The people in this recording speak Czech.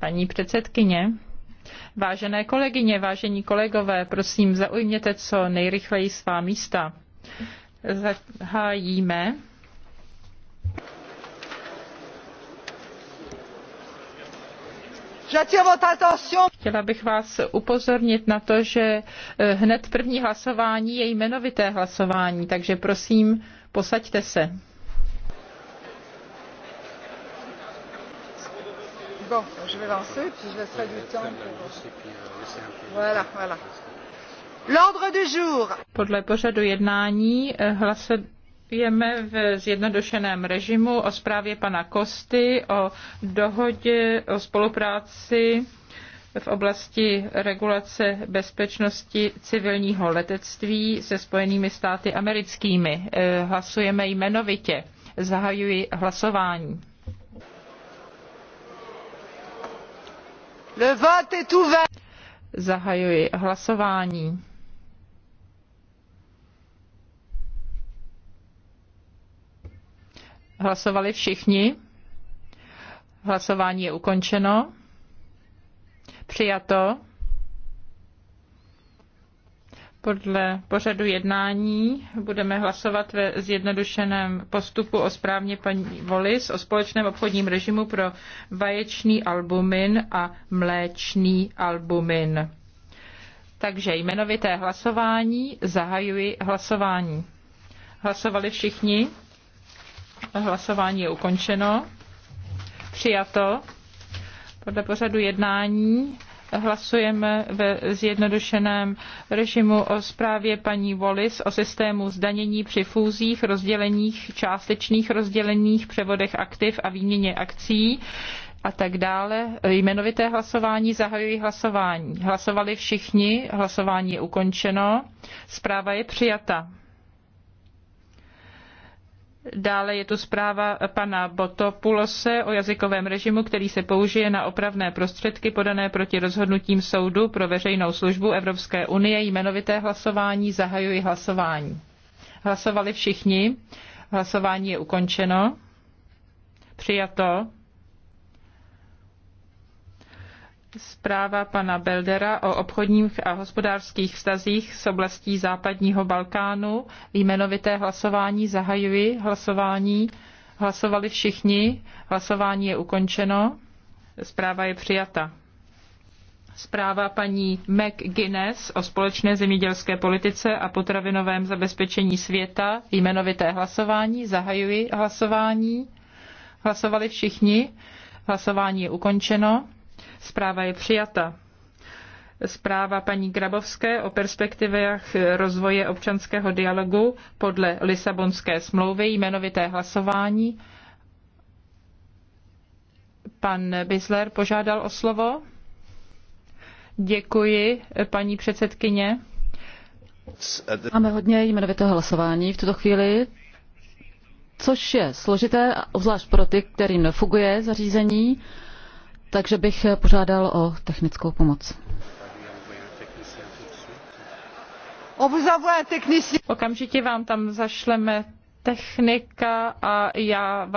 Paní předsedkyně, vážené kolegyně, vážení kolegové, prosím, zaujměte co nejrychleji svá místa. Zahájíme Chtěla bych vás upozornit na to, že eh, hned první hlasování je jmenovité hlasování, takže prosím, posaďte se. Bon, je vais lancer, puis je laisserai du temps pour... Voilà, voilà. L'ordre du jour. Podle pořadu jednání eh, hlasujeme v zjednodušeném režimu o zprávě pana Kosty o dohodě o spolupráci v oblasti regulace bezpečnosti civilního letectví se Spojenými státy americkými. Eh, hlasujeme jmenovitě. Zahajuji hlasování. Le vote est ouvert. Zahajuji hlasování. Hlasovali všichni? Hlasování je ukončeno. Přijato. Podle pořadu jednání budeme hlasovat ve zjednodušeném postupu o správně paní Volis o společném obchodním režimu pro vaječný albumin a mléčný albumin. Takže jmenovité hlasování, zahajuji hlasování. Hlasovali všichni? Hlasování je ukončeno. Přijato. Podle pořadu jednání Hlasujeme ve zjednodušeném režimu o zprávě paní Wallis o systému zdanění při fúzích, rozděleních, částečných rozděleních, převodech aktiv a výměně akcí a tak dále. Jmenovité hlasování zahajují hlasování. Hlasovali všichni, hlasování je ukončeno, zpráva je přijata. Dále je tu zpráva pana Botopulose o jazykovém režimu, který se použije na opravné prostředky podané proti rozhodnutím soudu pro veřejnou službu Evropské unie. Jmenovité hlasování zahajuji hlasování. Hlasovali všichni. Hlasování je ukončeno. Přijato. Zpráva pana Beldera o obchodních a hospodářských vztazích s oblastí západního Balkánu. Jmenovité hlasování zahajuji. Hlasování hlasovali všichni. Hlasování je ukončeno. Zpráva je přijata zpráva paní Guinness o společné zemědělské politice a potravinovém zabezpečení světa, jmenovité hlasování, zahajuji hlasování. Hlasovali všichni, hlasování je ukončeno. Zpráva je přijata. Zpráva paní Grabovské o perspektivách rozvoje občanského dialogu podle Lisabonské smlouvy, jmenovité hlasování. Pan Bisler požádal o slovo. Děkuji, paní předsedkyně. Máme hodně jmenovitého hlasování v tuto chvíli, což je složité, obzvlášť pro ty, kterým nefunguje zařízení takže bych eh, požádal o technickou pomoc. Okamžitě vám tam zašleme technika a já vám